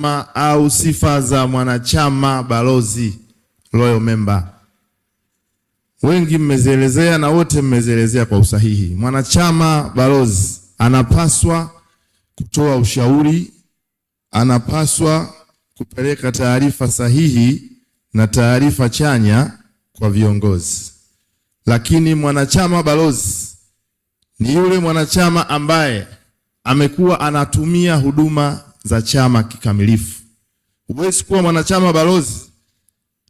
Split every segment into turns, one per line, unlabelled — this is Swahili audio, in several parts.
Ma au sifa za mwanachama balozi loyal member, wengi mmezielezea na wote mmezielezea kwa usahihi. Mwanachama balozi anapaswa kutoa ushauri, anapaswa kupeleka taarifa sahihi na taarifa chanya kwa viongozi, lakini mwanachama balozi ni yule mwanachama ambaye amekuwa anatumia huduma za chama kikamilifu. Huwezi kuwa mwanachama balozi,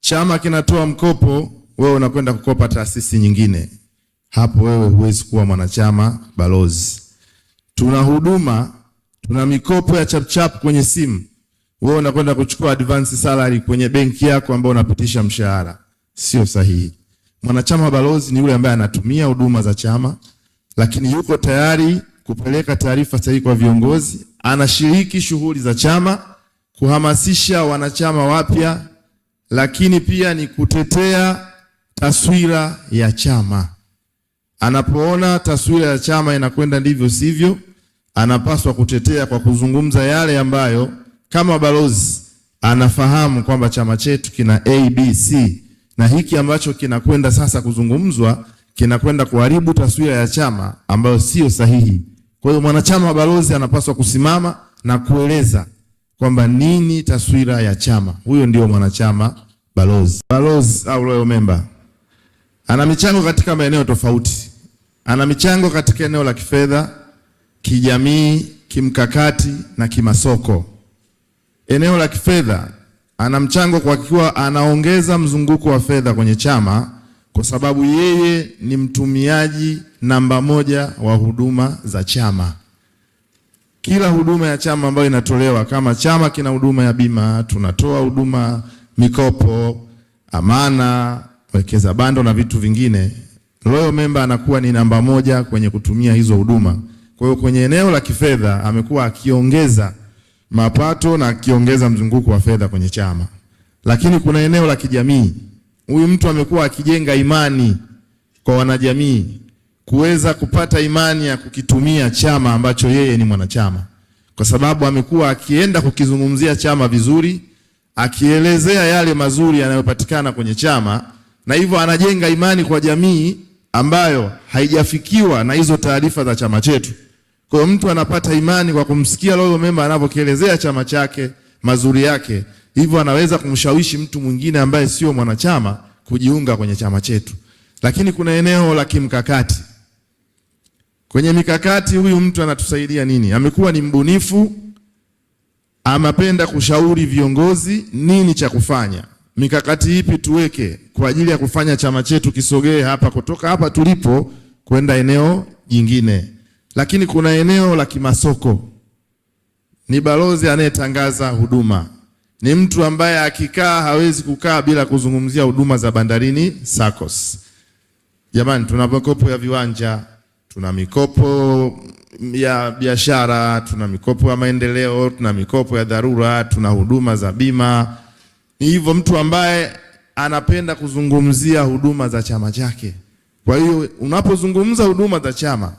chama kinatoa mkopo, wewe unakwenda kukopa taasisi nyingine, hapo wewe huwezi kuwa mwanachama balozi. Tuna huduma, tuna mikopo ya chapchap kwenye simu, wewe unakwenda kuchukua advance salary kwenye benki yako ambayo unapitisha mshahara. Sio sahihi. Mwanachama balozi ni yule ambaye anatumia huduma za chama, lakini yuko tayari kupeleka taarifa sahihi kwa viongozi anashiriki shughuli za chama, kuhamasisha wanachama wapya, lakini pia ni kutetea taswira ya chama. Anapoona taswira ya chama inakwenda ndivyo sivyo, anapaswa kutetea kwa kuzungumza yale ambayo kama balozi anafahamu kwamba chama chetu kina ABC na hiki ambacho kinakwenda sasa kuzungumzwa kinakwenda kuharibu taswira ya chama ambayo siyo sahihi. Kwa hiyo mwanachama wa balozi anapaswa kusimama na kueleza kwamba nini taswira ya chama. Huyo ndio mwanachama balozi. Balozi au loyal member ana michango katika maeneo tofauti. Ana michango katika eneo la kifedha, kijamii, kimkakati na kimasoko. Eneo la kifedha, ana mchango kwa kuwa anaongeza mzunguko wa fedha kwenye chama kwa sababu yeye ni mtumiaji namba moja wa huduma za chama. Kila huduma ya chama ambayo inatolewa, kama chama kina huduma ya bima, tunatoa huduma mikopo, amana, wekeza bando na vitu vingine, loyal member anakuwa ni namba moja kwenye kutumia hizo huduma. Kwa hiyo kwenye eneo la kifedha amekuwa akiongeza mapato na akiongeza mzunguko wa fedha kwenye chama, lakini kuna eneo la kijamii Huyu mtu amekuwa akijenga imani kwa wanajamii kuweza kupata imani ya kukitumia chama ambacho yeye ni mwanachama, kwa sababu amekuwa akienda kukizungumzia chama vizuri, akielezea yale mazuri yanayopatikana kwenye chama, na hivyo anajenga imani kwa jamii ambayo haijafikiwa na hizo taarifa za chama chetu. Kwa hiyo mtu anapata imani kwa kumsikia loyal member anavyokielezea chama chake, mazuri yake hivyo anaweza kumshawishi mtu mwingine ambaye sio mwanachama kujiunga kwenye chama chetu. Lakini kuna eneo la kimkakati. Kwenye mikakati, huyu mtu anatusaidia nini? Amekuwa ni mbunifu, amependa kushauri viongozi nini cha kufanya, mikakati ipi tuweke kwa ajili ya kufanya chama chetu kisogee hapa, kutoka hapa tulipo kwenda eneo jingine. Lakini kuna eneo la kimasoko, ni balozi anayetangaza huduma ni mtu ambaye akikaa hawezi kukaa bila kuzungumzia huduma za bandarini SACCOS. Jamani, tuna mikopo ya viwanja, tuna mikopo ya biashara, tuna mikopo ya maendeleo, tuna mikopo ya dharura, tuna huduma za bima. Ni hivyo mtu ambaye anapenda kuzungumzia huduma za chama chake. Kwa hiyo unapozungumza huduma za chama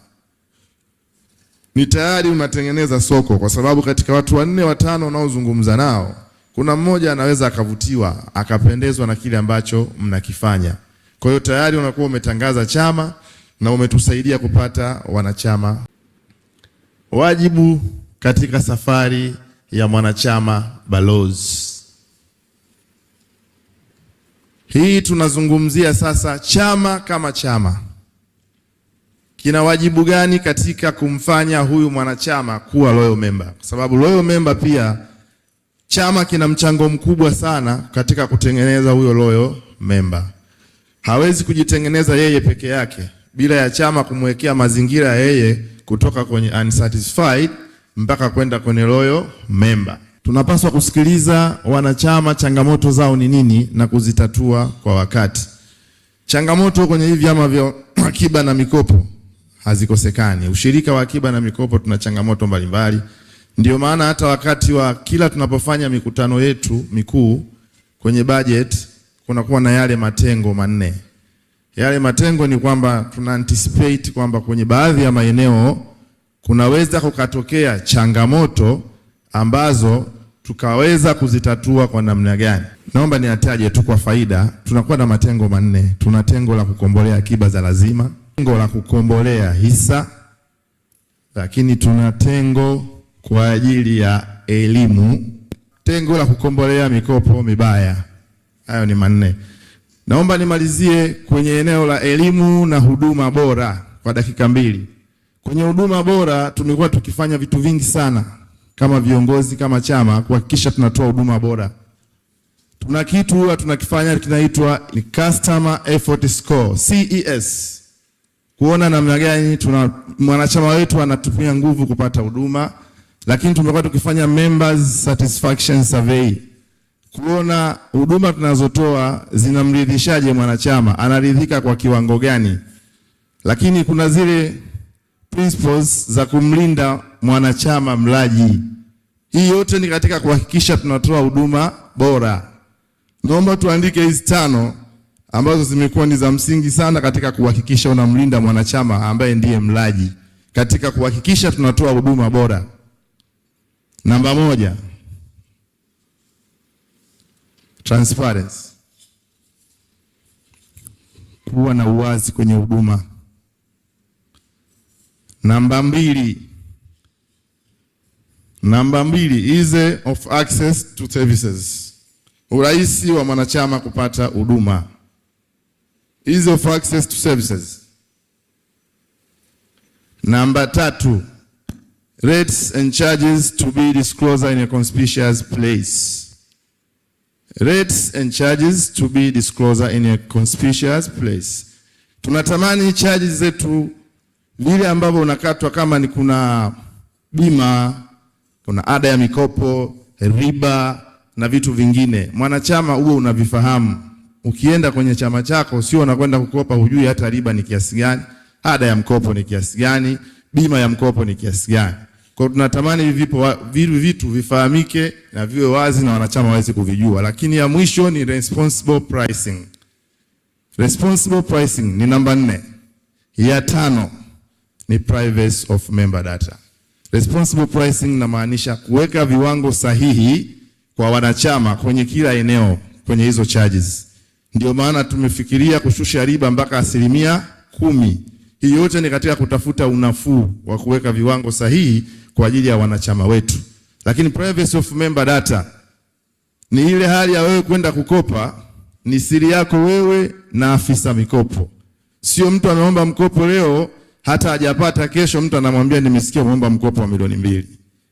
ni tayari unatengeneza soko, kwa sababu katika watu wanne watano wanaozungumza nao kuna mmoja anaweza akavutiwa akapendezwa na kile ambacho mnakifanya, kwa hiyo tayari unakuwa umetangaza chama na umetusaidia kupata wanachama. Wajibu katika safari ya mwanachama balozi hii tunazungumzia sasa, chama kama chama kina wajibu gani katika kumfanya huyu mwanachama kuwa loyal member, kwa sababu loyal member pia Chama kina mchango mkubwa sana katika kutengeneza huyo loyo memba. Hawezi kujitengeneza yeye peke yake bila ya chama kumwekea mazingira yeye kutoka kwenye unsatisfied mpaka kwenda kwenye loyo memba. Tunapaswa kusikiliza wanachama, changamoto zao ni nini na kuzitatua kwa wakati. Changamoto kwenye hivi vyama vya akiba na mikopo hazikosekani. Ushirika wa akiba na mikopo tuna changamoto mbalimbali mbali. Ndio maana hata wakati wa kila tunapofanya mikutano yetu mikuu kwenye bajeti kunakuwa na yale matengo manne. Yale matengo ni kwamba tuna anticipate kwamba kwenye baadhi ya maeneo kunaweza kukatokea changamoto ambazo tukaweza kuzitatua kwa namna gani. Naomba niataje tu kwa faida, tunakuwa na matengo manne. Tuna tengo la kukombolea akiba za lazima, tengo la kukombolea hisa, lakini tuna tengo kwa ajili ya elimu, tengo la kukombolea mikopo mibaya. Hayo ni manne. Naomba nimalizie kwenye eneo la elimu na huduma bora kwa dakika mbili. Kwenye huduma bora tumekuwa tukifanya vitu vingi sana kama viongozi, kama chama kuhakikisha tunatoa huduma bora. Tuna kitu huwa tunakifanya kinaitwa ni customer effort score, CES, kuona namna gani tuna mwanachama wetu anatumia nguvu kupata huduma lakini tumekuwa tukifanya members satisfaction survey kuona huduma tunazotoa zinamridhishaje mwanachama, anaridhika kwa kiwango gani. Lakini kuna zile principles za kumlinda mwanachama mlaji. Hii yote ni katika kuhakikisha tunatoa huduma bora. Naomba tuandike hizi tano ambazo zimekuwa ni za msingi sana katika kuhakikisha unamlinda mwanachama ambaye ndiye mlaji, katika kuhakikisha tunatoa huduma bora. Namba moja, transparency, kuwa na uwazi kwenye huduma. Namba mbili, namba mbili, ease of access to services, urahisi wa mwanachama kupata huduma, ease of access to services. Namba tatu Rates and charges to be disclosed in a conspicuous place. Rates and charges to be disclosed in a conspicuous place. Tunatamani charges zetu vile ambavyo unakatwa kama ni kuna bima, kuna ada ya mikopo, riba na vitu vingine. Mwanachama huo unavifahamu. Ukienda kwenye chama chako sio unakwenda kukopa hujui hata riba ni kiasi gani, ada ya mkopo ni kiasi gani bima ya mkopo ni kiasi gani. Kwa hiyo tunatamani hivi vipo vitu vifahamike na viwe wazi na wanachama waweze kuvijua, lakini ya mwisho ni responsible pricing. Responsible pricing ni namba nne. Ya tano ni privacy of member data. Responsible pricing inamaanisha kuweka viwango sahihi kwa wanachama kwenye kila eneo kwenye hizo charges. Ndio maana tumefikiria kushusha riba mpaka asilimia kumi. Hii yote ni katika kutafuta unafuu wa kuweka viwango sahihi kwa ajili ya wanachama wetu. Lakini privacy of member data ni ile hali ya wewe kwenda kukopa, ni siri yako wewe na afisa mikopo. Sio mtu ameomba mkopo leo hata hajapata, kesho mtu anamwambia nimesikia umeomba mkopo wa milioni mbili.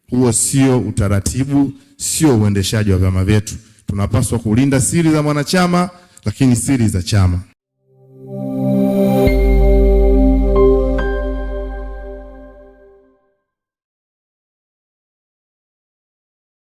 Huo sio utaratibu, sio uendeshaji wa vyama vyetu. Tunapaswa kulinda siri za mwanachama, lakini siri za chama